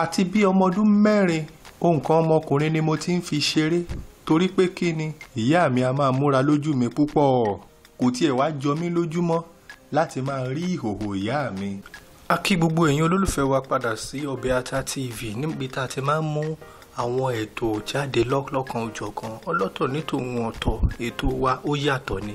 àti bíi ọmọ ọdún mẹ́rin nǹkan ọmọkùnrin ni mo ti ń fi ṣeré torí pé kí ni ìyá mi a máa múra lójú mi púpọ̀ kò tiẹ̀ wá jọ mí lójúmọ́ láti máa rí ìhòòhò ìyá mi. a kí gbogbo ẹ̀yin olólùfẹ́ wa padà sí ọbẹ̀ ata tv níbi tá a ti máa ń mú àwọn ètò jáde lọ́kọ̀ọ̀kan òjọ̀kan ọlọ́tọ̀ nítòun ọ̀tọ̀ ètò wa ó yàtọ̀ ni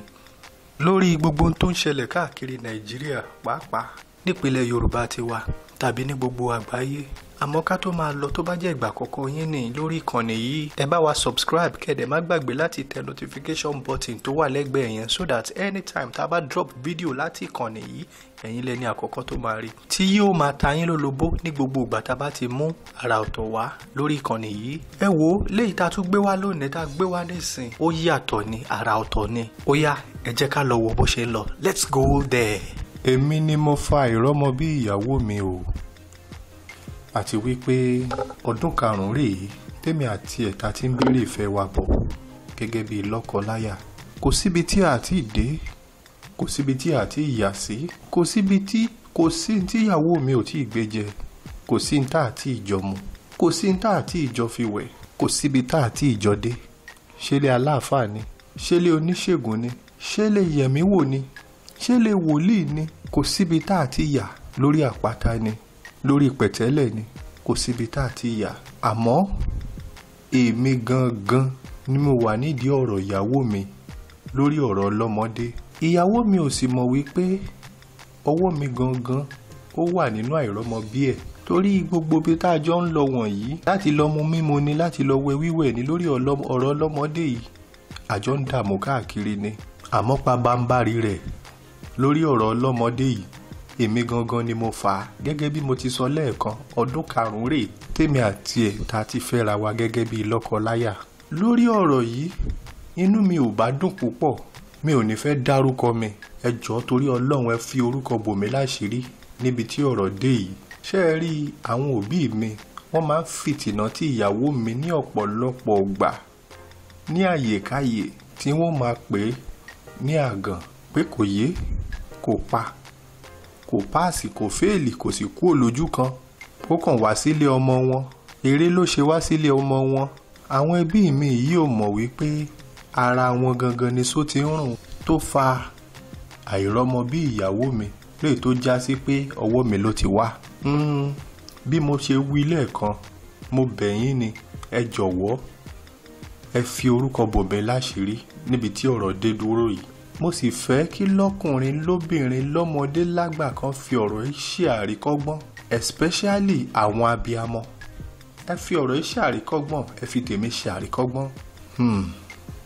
lórí gbogbo ohun tó ń ṣẹlẹ̀ káàkiri nàìjíríà pàápàá nípínlẹ̀ yorùbá tiwa tàbí ní gbogbo àgbáyé àmọ́ ká tó máa lọ tó bá jẹ́ ìgbà àkọ́kọ́ yín ní lórí ìkànnì yìí ẹ bá wa subscribe kẹ́dẹ̀ má gbàgbé láti tẹ notification button tó wà lẹ́gbẹ̀ẹ́ yẹn so that anytime tá a bá drop video láti ìkànnì yìí ẹ̀yin lẹni àkọ́kọ́ tó máa rí tí yóò máa ta yín lólobó ní gbogbo ìgbà tá a bá ti mú àrà ọ̀tọ̀ wá lórí ìkànnì yìí ẹ wo léyìí tá a tún gbé wá lónìí tá a gbé wá nísìn ó yàtọ̀ ní àrà ọ̀tọ̀ ni ó yá ẹ jẹ́ ká lọ wo bó ṣe ń lọ let's go there. èmi ni mo fa ìrọ́mọ bí ìyàwó mi o àti wípé ọdún karùn-ún rèé tèmi àti ẹ̀ta ti ń béèrè ìfẹ́ wa bọ̀ gẹ́gẹ́ bíi lọ́kọ-láyà kò síbi tí a ti dé kò síbi tí a ti yà sí kò síbi tí kò sí tíyàwó mi ò tí ì gbé jẹ kò sí tá a ti ìjọ mu kò sí tá a ti ìjọ fi wẹ̀ kò síbi tá a ti ìjọ dé ṣẹlẹ̀ aláàfáà ni ṣẹlẹ̀ oníṣègùn ni ṣẹlẹ̀ yẹ̀mí wò ni ṣẹlẹ̀ wòlíì ni kò síbi tá a ti yà lórí àpáta ni lórí pẹ̀tẹ́lẹ̀ ni kò síbi tá a ti yà àmọ́ èmi gangan ni mo wà nídìí ọ̀rọ̀ ìyàwó mi lórí ọ̀rọ̀ ọlọ́mọdé ìyàwó mi ò sì mọ̀ wípé ọwọ́ mi gangan ó wà nínú àìrọ́mọ bí ẹ̀ torí gbogbo bí tá a jọ ń lọ wọ̀nyí láti lọ mu mímu ni láti lọ wẹ wíwẹ̀ ni lórí ọ̀rọ̀ ọlọ́mọdé yìí àjọ ń dààmú káàkiri ni àmọ́ pabambarì rẹ̀ lórí ọ̀rọ̀ ọlọ́mọdé yìí èmi gangan ni mo fà á gẹ́gẹ́ bí mo ti sọ lẹ́ẹ̀kan ọdún karùn-ún rèé tèmi àti ẹ̀ ta ti fẹ́ra wa gẹ́gẹ́ bí lọ́kọ-láyà lórí ọ̀rọ̀ yìí inú mi ò bá dùn púpọ̀ mi ò ní fẹ́ dárúkọ mi ẹ jọ̀ọ́ torí ọlọ́run ẹ fi orúkọ bò mí láṣìírí níbi tí ọ̀rọ̀ dé yìí ṣé ẹ rí àwọn òbí mi wọ́n máa ń fìtìnà tí ìyàwó mi ní ọ̀pọ̀lọpọ̀ ọgbà ní àyèkáyè tí wọ́n máa pè é ní àgàn pé kò yé kò pa kò páàsì kò fẹ́ẹ̀lì kò sì kúrò lójú kan ó kàn wá sílé ọmọ wọn eré ló ṣe wá sílé ọmọ wọn àwọn ẹbí mi yìí ò mọ̀ wípé ara wọn gangan ni só ti ń rùn tó fa àìrọ́mọ bí ìyàwó mi lè tó já sí pé ọwọ́ mi ló ti wá hmm, bí mo ṣe wí lẹ́ẹ̀kan mo bẹ̀ yín ni ẹ jọ̀wọ́ ẹ fi orúkọ bòbẹ̀ láṣìírí níbi tí ọ̀rọ̀ dé dúró yìí mo sì fẹ́ kí lọ́kùnrin lóbìnrin lọ́mọdé lágbà kan fi ọ̀rọ̀ yìí ṣe àríkọ́gbọ́n especially àwọn abiyamọ ẹ fi ọ̀rọ̀ yìí ṣe àríkọ́gbọ́n ẹ fi tèmi ṣe àríkọ́gbọ́n hmm.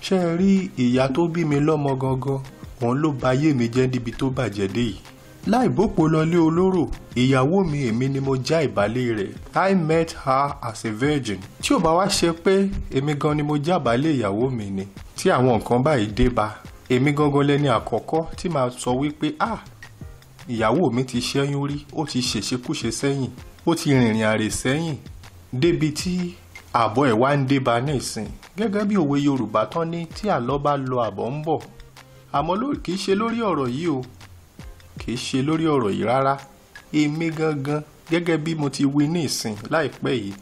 ṣe ẹ rí ìyá tó bí mi lọ́mọ gangan òun ló ba ayé mi jẹ́ níbi tó bàjẹ́ dé yìí láì bòpò lọlé olóró ìyàwó mi èmi ni mo já ìbálé rẹ̀ I met her as a virgin tí ò bá wá ṣe pé èmi gan ni mo já ìbálé ìyàwó mi ni tí àwọn nǹkan báyìí dé bá èmi gangan lẹni àkọ́kọ́ tí màá sọ wípé ah ìyàwó mi ti ṣẹ́yún rí ó ti ṣèṣekúṣe sẹ́yìn ó ti rìnrìn àrè sẹ́yìn débi tí àbọ̀ ẹ̀ wá ń débà nísìn gẹ́gẹ́ bí òwe Yorùbá tán ní tí àlọ́ bá lọ àbọ̀ ń bọ̀ àmọ́ kì í ṣe lórí ọ̀rọ̀ yìí o kì í ṣe lórí ọ̀rọ̀ yìí rárá èmi gangan gẹ́gẹ́ bí mo ti wí nísìn láìpẹ́ yìí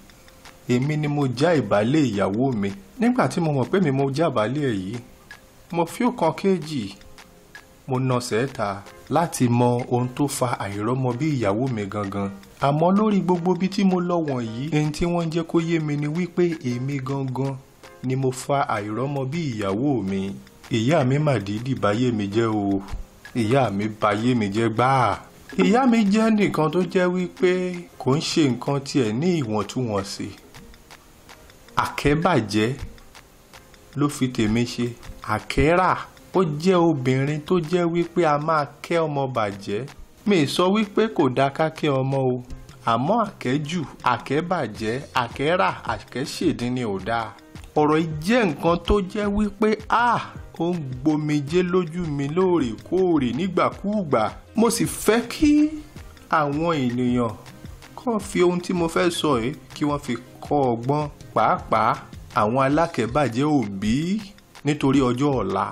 èmi ni mo já ìbálẹ̀ ìyàwó mi nígbà tí mo mọ̀ pé mi mo já ìbálẹ̀ yìí mo fi ọ̀kan kejì mo nọsẹ̀ ta láti mọ ohun tó fa àìrọ́mọ bí ìyàwó mi gangan àmọ́ lórí gbogbo bí tí mo lọ wọ̀nyí ẹni tí wọ́n jẹ́ kó yé mi ni wípé èmi gangan ni mo fa àìrọ́mọ bí ìyàwó mi ìyá mi mà dídì báyé mi jẹ́ o ìyá mi báyé mi jẹ́ gbáà ìyá mi jẹ́ nìkan tó jẹ́ wípé kò ń ṣe nǹkan tiẹ̀ ní ìwọ̀ntúnwọ̀nsì àkẹ́bàjẹ́ ló fi tèmi ṣe àkẹ́rà ó jẹ́ obìnrin tó jẹ́ wípé a máa kẹ́ ọmọ bàjẹ́ mi sọ wípé kò dáa ká kẹ́ ọmọ o àmọ́ àkẹ́jù àkẹ́bàjẹ́ àkẹ́rà àkẹ́ṣèdín ni ò dáa ọ̀rọ̀ jẹ́ nǹkan tó jẹ́ wípé a ó ń gbomijé lójú mi lóòrèkóòrè nígbàkúùgbà mo sì fẹ́ kí àwọn ènìyàn kàn fi ohun tí mo fẹ́ sọ yìí kí wọ́n fi kọ́ ọgbọ́n pàápàá àwọn alákẹ́bàjẹ́ òbí nítorí ọjọ́ ọ̀la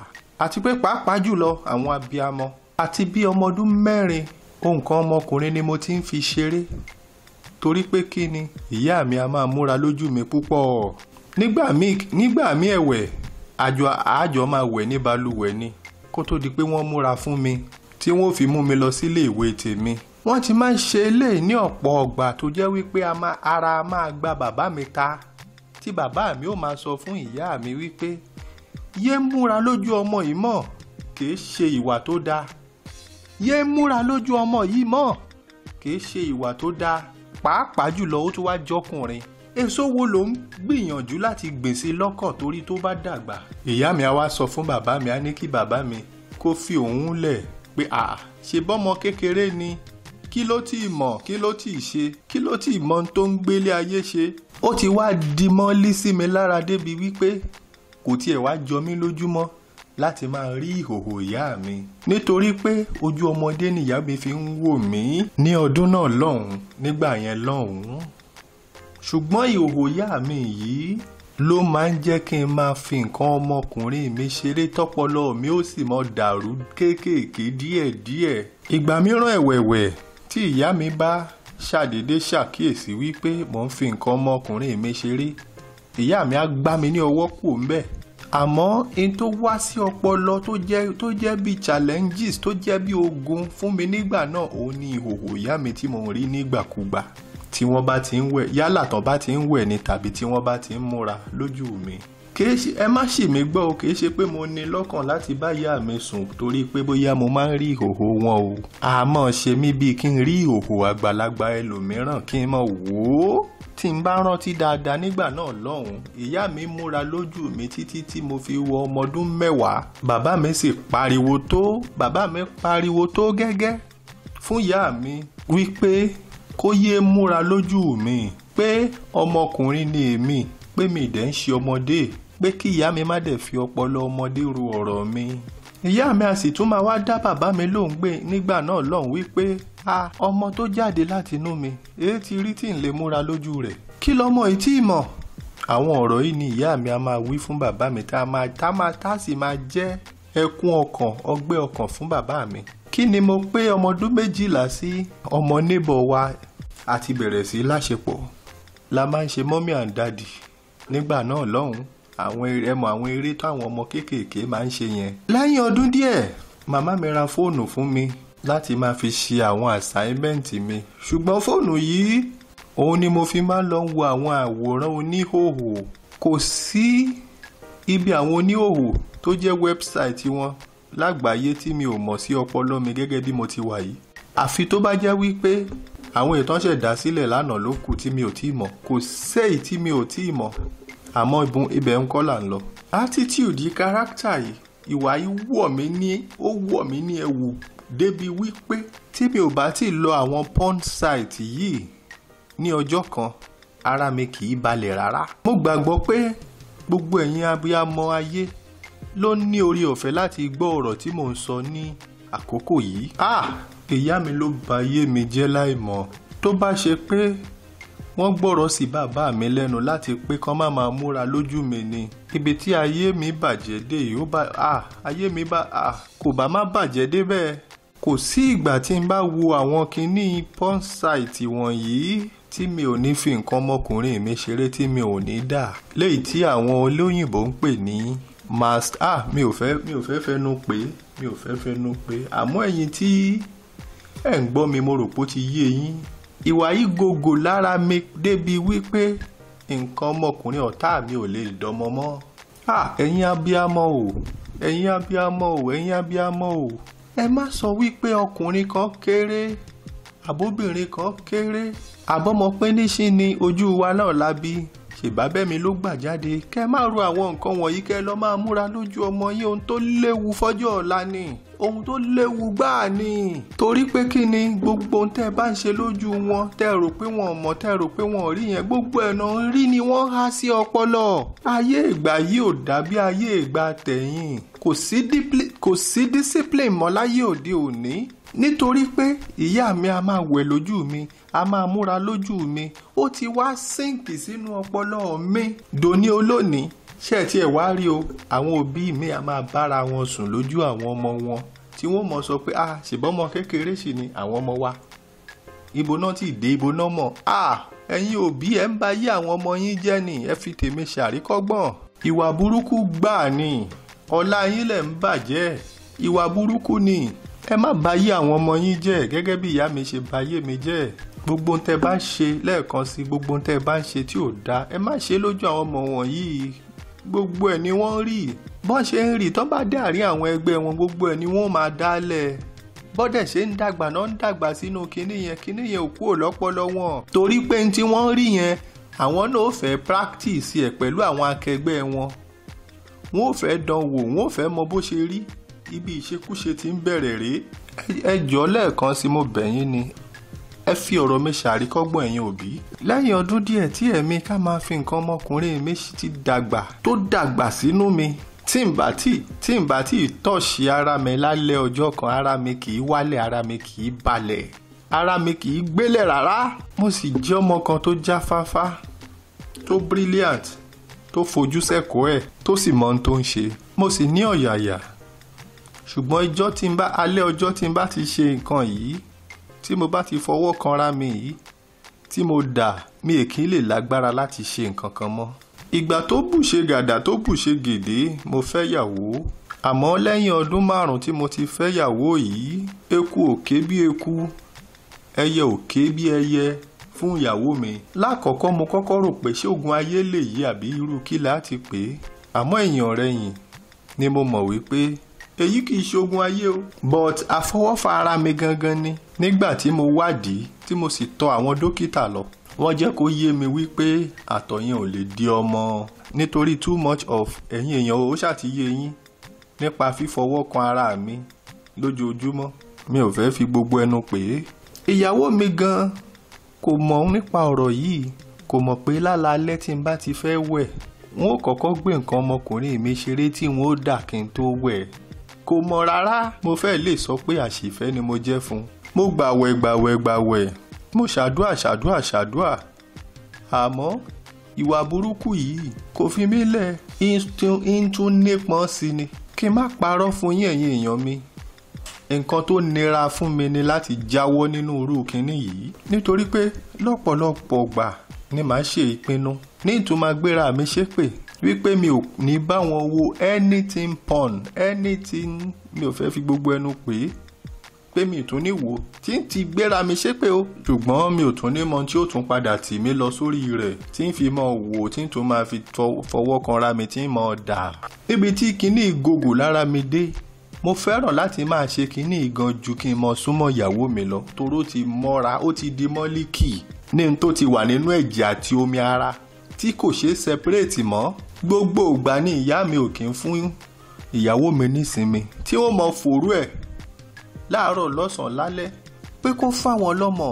àti pé pàápàá jùlọ àwọn abiyamọ àti bí ọmọ ọdún mẹ́rin nǹkan ọmọkùnrin ni mo ti ń fi ṣeré torí pé kí ni ìyá mi a máa múra lójú mi púpọ̀ nígbà míì nígbà míì ẹ̀wẹ̀ àjọ àjọ máa wẹ̀ ní balùwẹ̀ ni kó tó di pé wọ́n múra fún mi tí wọ́n fi mú mi lọ sílé ìwé tèmi wọ́n ti máa ń ṣe eléyìí ní ọ̀pọ̀ ọgbà tó jẹ́ wípé ara máa gba bàbá mi ta tí bàbá mi ó máa sọ fún ìyá mi wípé yé múra lójú ọmọ yìí mọ́ kìí ṣe ìwà tó dáa yé múra lójú ọmọ yìí mọ́ kìí ṣe ìwà tó dáa pàápàá jùlọ ó tún wá jọkùnrin èso wo ló ń gbìyànjú láti gbèsè lọ́kàn torí tó bá dàgbà. ìyá mi a wá sọ fún bàbá mi a ní kí bàbá mi kó fi òun lẹ̀ pé à ṣe bọ́mọ kékeré ni kí ló tí ì mọ̀ kí ló tí ṣe kí ló tí ì tó ń gbélé ayé ṣe. ó ti wá di sí mi lára débi wípé kò tiẹ̀ wá jọ mí lójúmọ́ láti máa rí ìhòhò ìyá mi nítorí pé ojú ọmọdé nìyá mi fi ń wò mí ní ọdún náà lọ́hùn-ún nígbà yẹn lọ́hùn-ún ṣùgbọ́n ìhòhò ìyá mi yìí ló máa ń jẹ́ kí n máa fi nǹkan ọmọkùnrin mi ṣeré tọpọlọ mi ó sì mọ dàrú kéékèèké díẹ̀díẹ̀ ìgbà mìíràn ẹ̀wẹ̀wẹ̀ tí ìyá mi bá ṣàdédé ṣàkíyèsí wípé mò ń fi nǹkan ọmọkùnrin mi ṣeré ìyá mi á gbá mi ní ọwọ́ kù ńbẹ̀ àmọ́ n tó wá sí ọpọlọ tó jẹ́ tó jẹ́ bí challenges tó jẹ́ bí ogun fún mi nígbà náà òun ni ìhòòhò ìyá mi tí mo rí nígbàkúgbà tí wọ́n bá ti ń wẹ̀ yálà tán bá ti ń wẹ̀ ni tàbí tí wọ́n bá ti ń múra lójú mi kìí ṣe ẹ má ṣì mí gbọ́ o kìí ṣe pé mo ní lọ́kàn láti bá ìyá mi sùn torí pé bóyá mo máa ń rí ìhòhò wọn o àmọ́ ṣe mí bíi kí n rí ìhòhò àgbàlagbà ẹlòmíràn kí n mọ̀ wò ó tí n bá rántí dáadáa nígbà náà lọ́hùn ìyá mi múra lójú mi títí tí mo fi wọ ọmọ ọdún mẹ́wàá bàbá mi sì pariwo tó bàbá mi pariwo tó gẹ́gẹ́ fún ìyá mi wípé kó yéé múra lójú mi pé ọmọkùnrin ni èmi pé mi dẹ̀ ń ṣe ọmọdé pé kí ìyá mi má dẹ̀ fi ọpọlọ ọmọdé ro ọ̀rọ̀ mi ìyá mi a sì tún máa wá dá bàbá mi lóhùn gbé nígbà náà lọ́hùn wípé a ọmọ tó jáde láti inú mi èé ti rí tí ń lè múra lójú rẹ̀ kí lọmọ yìí tí ì mọ̀ àwọn ọ̀rọ̀ yìí ni ìyá mi a máa wí fún bàbá mi tá a máa tá máa tá sì máa jẹ́ ẹkún ọkàn ọgbẹ́ ọkàn fún bàbá mi kí ni mo pé ọmọ ọdún méjìlá sí ọmọ neighbor wa àti bẹ̀rẹ̀ sí láṣepọ̀ la máa ń ṣe mọ́mí and daddy nígbà náà lọ́hùn-ún àwọn ẹmọ àwọn eré táwọn ọmọ kéékèèké máa ń ṣe yẹn. lẹ́yìn ọdún díẹ̀ màmá mi ra fóònù fún mi láti máa fi ṣe àwọn assignment mi ṣùgbọ́n fóònù yìí òun ni mo fi máa ń lọ wo àwọn àwòrán oníhòòhò kò sí ibi àwọn oníhòòhò tó jẹ́ website wọn lágbàáyé tí mi ò mọ̀ sí ọpọlọ mi gẹ́gẹ́ bí mo ti wà yìí àfi tó bá jẹ́ wípé àwọn ìtàn ṣẹ̀dá sílẹ̀ lánàá ló kù tí mi ò tí mọ̀ kò séyìí tí mi ò tí mọ̀ àmọ́ ibùn ibẹ̀ ń kọ́ là ń lọ. attitude yìí character yìí ìwà yìí wọ̀ mí ní ó wọ̀ mí ní ẹ̀wù débi wípé tí ò bá ti lọ àwọn porn site yìí ní ọjọ́ kan ara mi kì í balẹ̀ rárá. mo gbàgbọ́ pé gbogbo ẹ̀yin abiyamọ ayé ló ní orí ọ̀fẹ́ láti gbọ́ ọ̀rọ̀ tí mò ń sọ ní àkókò yìí. ah ìyá mi ló ba ayé mi jẹ́ láìmọ̀ tó bá ṣe pé wọ́n gbọ́rọ̀ sí bàbá mi lẹ́nu láti pé kán má máa múra lójú mi ni ibi tí ayé mi bàjẹ́ dé yìí ó bá a ayé mi bá a kò bá má bàjẹ́ dé bẹ́ẹ̀ kò sí ìgbà tí n bá wo àwọn kinní porn site wọ̀nyí tí mi ò ní fi nǹkan ọmọkùnrin mi ṣeré tí mi ò ní dà léyìí tí àwọn olóyìnbó ń pè ní mast ah mi ò fẹ́ mi ò fẹ́ fẹnu pé mi ò fẹ́ fẹnu pé àmọ́ ẹ̀yin tí ẹ̀ ń gbọ́ mi mo rò pé ó ti yé yín ìwà yìí gògò lára mi débi wípé nǹkan ọmọkùnrin ọ̀tá mi ò lè dọmọ mọ́ ẹ̀yin abiyamọ o ẹ̀yin abiyamọ o ẹ̀yin abiyamọ o ẹ má sọ wípé ọkùnrin kan kéré àbóbìnrin kan kéré àbọ́mọ pé níṣì ni ojú wa náà labi ṣèbábẹ́mi ló gbà jáde kẹ́ má ro àwọn nǹkan wọ̀nyí kẹ́ lọ́ọ́ máa múra lójú ọmọ yín ohun tó léwu fọ́jọ́ ọ̀la ni ohun tó léwu gbáà ni torí pé kí ni gbogbo ohun tẹ́ ẹ bá ń ṣe lójú wọn tẹ́ ẹ rò pé wọn mọ̀ tẹ́ rò pé wọn rí yẹn gbogbo ẹ̀nà rí ni wọ́n há sí ọpọlọ ayé ìgbà yìí ò dàbí ayé ìgbà tẹ̀yìn kò sí discipline mọ́ láyé òde òní nítorí pé ìyá mi a máa wẹ̀ lójú mi a máa múra lójú mi ó ti wá síǹkì sínú ọpọlọ mi dòní olónìí ṣé ẹ tiẹ̀ wá rí o àwọn òbí mi a máa bára wọn sùn lójú àwọn ọmọ wọn tí wọ́n mọ̀ sọ pé ah ṣùgbọ́n ọmọ kékeré sì ni àwọn ọmọ wa ibo náà ti dé ibo náà mọ̀ ah ẹ̀yin òbí ẹ̀ ń ba yí àwọn ọmọ yín jẹ́ ni ẹ fi tèmi ṣàríkọ́gbọ́n ìwà burúkú gbáà ni ọ̀la yín lẹ̀ ń bàjẹ́ ìwà burúkú ni ẹ má ba yí àwọn ọmọ yín jẹ́ gẹ́gẹ́ bí ìyá mi ṣe ba yé mi jẹ́ gbogbo ohun tẹ́ bá ń ṣe lẹ́ẹ̀kan sí gbogbo ohun tẹ́ bá ń ṣe tí ò dáa ẹ má ṣe lójú àwọn ọmọ wọ̀nyí gbogbo ẹ̀ ni wọ́n rí bọ́n ṣe ń rí tán bá dé àárín àwọn ẹgbẹ́ wọn gbogbo ẹ̀ ni wọ́n máa dálẹ̀ bọ́dẹ̀ ṣe ń dàgbà náà ń dàgbà sínú kinní yẹn kinní yẹn ò kúrò lọ́pọlọ wọn torí pé ní tí wọ́n rí yẹn àwọn náà ò fẹ́ practice ẹ̀ pẹ̀lú àwọn akẹgbẹ́ wọn wọn ò fẹ́ dán wò wọn ò fẹ́ mọ bó ṣe rí ibi ìṣekúṣe ti ń bẹ̀rẹ̀ rèé ẹ jọ̀ọ́ lẹ́ẹ̀kan sí mo bẹ̀ ni ẹ fi ọ̀rọ̀ mi ṣàríkọ́gbọ̀n ẹ̀yin òbí. lẹ́yìn ọdún díẹ̀ tí ẹ̀mí ká máa fi nǹkan ọmọkùnrin mi ti dàgbà tó dàgbà sínú mi tí n bá tí tí n bá tí tọ̀ṣì ara mi lálẹ́ ọjọ́ kan ara mi kì í wálẹ̀ ara mi kì í balẹ̀ ara mi kì í gbélẹ̀ rárá mo sì jẹ́ ọmọ kan tó jáfáfá tó brilliant tó fojú sẹ́kọ̀ọ́ ẹ̀ tó sì mọ ohun tó ń ṣe mo sì ní ọ̀yàyà ṣùgbọ́n ijọ́ tí n bá alẹ́ ọjọ́ tí n bá ti ṣe nǹkan yìí tí mo bá ti fọwọ́ kanra mi yìí tí mo dà mi èkì lè lágbára láti ṣe nǹkan kan mọ́. ìgbà tó bùṣe gàdà tó bùṣe gèdè mo fẹ́ yàwó àmọ́ lẹ́yìn ọdún márùn-ún tí mo ti fẹ́ yàwó yìí eku òké bí eku ẹyẹ òké bí ẹyẹ fún ìyàwó mi. lákọ̀ọ́kọ́ mo kọ́kọ́ rò pé ṣé oògùn ayé lè yí àbí irú kí la pè é àmọ́ èèyàn rẹ̀yìn ni mo mọ̀ wípé èyí kì í ṣogun ayé o. but àfọwọ́fà ara mi gangan ni nígbà tí mo wádìí tí mo sì tọ̀ àwọn dókítà lọ wọ́n jẹ́ kó yé mi wípé àtọ̀ yẹn ò lè di ọmọ nítorí too much of ẹ̀yin èèyàn ó ṣàtìyé yín nípa fífọwọ́ kan ara mi lójoojúmọ́ mi ò fẹ́ fi gbogbo ẹnu pè é. ìyàwó mi gan kò mọ̀ nípa ọ̀rọ̀ yìí kò mọ̀ pé lálaalẹ́ tí n bá ti fẹ́ wẹ̀ n ó kọ́kọ́ gbé nǹkan ọmọkùnrin mi ṣeré tí n ó dà kí n tó wẹ̀ kò mọ̀ rárá mo fẹ́ lè sọ pé àṣìfẹ́ ni mo jẹ́ fún un mo gbàwẹ̀ gbàwẹ̀ gbàwẹ̀ mo ṣàdúà ṣàdúà ṣàdúà àmọ́ ìwà burúkú yìí kò fi mí lẹ̀ ń tún nípọn sí ni kí n má parọ́ fún yín ẹ̀yin èèyàn mi nǹkan tó nira fún mi ni láti jáwọ́ nínú irú kinní yìí nítorí pé lọ́pọ̀lọpọ̀ gbà ni màá ṣe ìpinnu ní ìtumọ̀ gbéra mi ṣépè wípé mi ò ní bá wọn wo anything pun anything mi ò fẹ́ fi gbogbo ẹnu pè é pé mi tún ní wò tí ń ti gbéra mi ṣépè o ṣùgbọ́n mi ò tún ní mọ tí ó tún padà tì mí lọ sórí rẹ̀ tí ń fi mọ wò tí ń tún máa fi fọwọ́ kanra mi tí ń mọ dà. níbi tí kinní ìgogò lára mi dé mo fẹ́ràn láti máa ṣe kinní ìgan ju kí n mọ súnmọ́ ìyàwó mi lọ toró ti mọ́ra ó ti di mọ́líkì ní n tó ti wà nínú ẹ̀jẹ̀ àti omi ara tí kò ṣeé sẹpẹ́rẹ́tì mọ́ gbogbo ìgbà ni ìyá mi ò kí ń fún ìyàwó mi nísinmi tí ó mọ fòrú ẹ̀ láàárọ̀ lọ́sàn-án lálẹ́ pé kó fáwọn lọ́mọ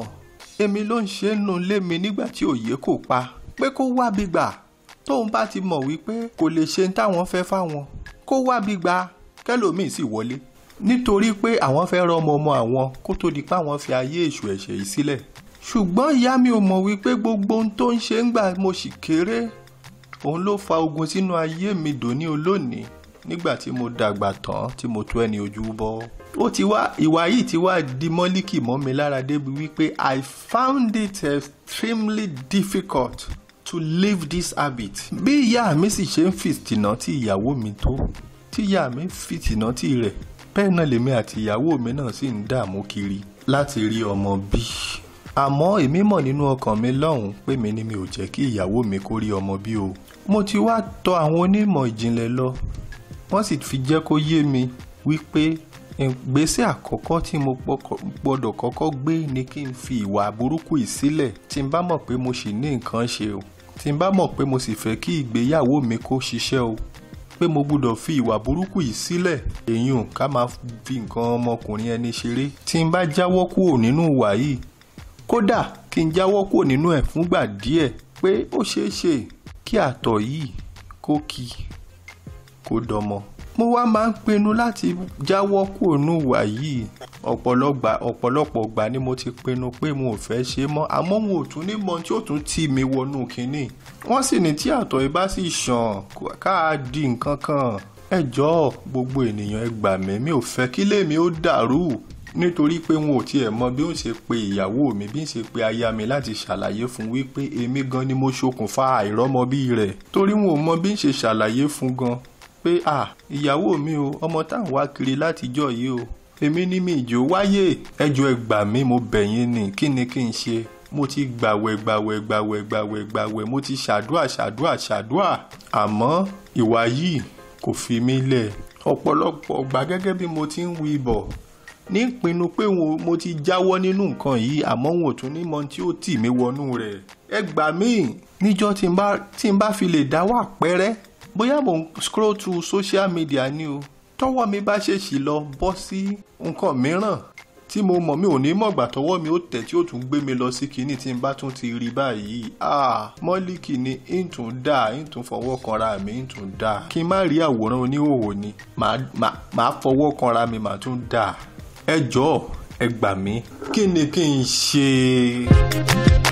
èmi ló ń ṣe nù lé mi nígbà tí òye kò pa pé kó wábi gbà tóun bá ti mọ̀ wípé kò lè ṣe táwọn fẹ́ fáwọn kó wábi gbà kẹlòmíì sì wọlé nítorí pé àwọn fẹ́ rọmọ ọmọ àwọn kó tó di pé àwọn fi ayé èṣù ẹ̀ṣẹ̀ yìí sílẹ̀ ṣùgbọ́n ìyá mi ò mọ̀ wípé gbogbo ohun tó ń ṣe ń gbà mo sì kéré òun ló fa ogun sínú ayé mi dòní olónìí nígbà tí mo dàgbà tán tí mo tó ẹni ojú bọ́ ó ti wá ìwà yìí ti wá di mọ́líkì mọ́ mi lára débi wípé I found it extremely difficult to leave this habit. bí ìyá mi sì ṣe ń fìtìnà tí ìyàwó mi tó tí ìyá mi fìtìnà tí rẹ̀ bẹ́ẹ̀ náà lèmi àti ìyàwó mi náà sì ń dààmú kiri láti rí ọmọ bí àmọ́ èmi mọ̀ nínú ọkàn mi lọ́hùn pé mi ni mi ò jẹ́ kí ìyàwó mi kó rí ọmọ bí o mo ti wá tọ àwọn onímọ̀ ìjìnlẹ̀ lọ wọ́n sì fi jẹ́ kó yé mi wípé ìgbésẹ̀ àkọ́kọ́ tí mo gbọ́dọ̀ kọ́kọ́ gbé ni kí n fi ìwà burúkú yìí sílẹ̀ tí n bá mọ̀ pé mo sì ní nǹkan ṣe o tí n bá mọ̀ pé mo sì fẹ́ kí ìgbéyàwó mi kó ṣiṣẹ́ o pé mo gbọ́dọ̀ fi ìwà burúkú yìí sílẹ̀ èyí ò ká máa fi nǹkan ọmọkùnrin ẹni ṣeré tí n bá jáwọ́ kúrò nínú ìwà yìí kódà kí n jáwọ́ kúrò nínú ẹ̀ fúngbà díẹ̀ pé ó ṣeé ṣe kí àtọ̀ yìí kó kí kó dọmọ. mo wá máa ń pinnu láti jáwọ́ kúrò nínú yìí ọ̀pọ̀lọpọ̀ ìgbà ni mo ti pinnu pé mo ò fẹ́ ṣe mọ́ àmọ́ mo ò tún ní mọ tí ó tún tì mí wọnú kínní. wọ́n sì ní tí àtọ̀ yìí bá sì ṣàn káà di nǹkan kan ẹ gbogbo ènìyàn ẹ ò fẹ́ kí lèmi ó dàrú nítorí pé wọn ò tiẹ̀ mọ bí ó ṣe pe ìyàwó mi bí ń ṣe pe aya mi láti ṣàlàyé fún wípé èmi gan ni mo ṣokùnfà àìrọ́mọbí rẹ̀ torí wọn ò mọ bí ń ṣe ṣàlàyé fún gan pé à ìyàwó mi o ọmọ táwọn wá kiri látijọ́ yìí o èmi ní mi ìjò wáyé ẹjọ́ ẹgbà mi mo bẹ̀yìn ni kí ni kí n ṣe mo ti gbàwẹ̀ gbàwẹ̀ gbàwẹ̀ gbàwẹ̀ gbàwẹ̀ mo ti ṣàdúà ṣàdúà ṣàdúà àmọ́ ìwà yìí kò fi mí lẹ̀ ọ̀pọ̀lọpọ̀ gbà gẹ́gẹ́ bí mo ti ń wí bọ̀ ní ìpinnu pé mo ti jáwọ́ nínú nǹkan yìí àmọ́ n ò tún ní mọ tí ó tì mí wọnú rẹ̀ ẹ gbà mí níjọ́ tí n bá fi lè dá wà pẹ́rẹ́ bóyá mo ń scroll through social media ni o tọ́wọ́ mi bá ṣèṣì lọ bọ́ sí nǹkan mìíràn tí mo mọ̀ mi ò ní mọ̀gbà tọwọ́ mi ó tẹ̀ tí ó tún gbé mi lọ sí kinní tí n bá tún ti rí báyìí ah mọ́líkì ni ń tún dà ń tún fọwọ́ kanra mi ń tún dà kí n má rí àwòrán oníhòòhò ni màá fọwọ́ kanra mi màá tún dà ẹ jọ̀ọ́ ẹ gbà mí kí ni kí n ṣe.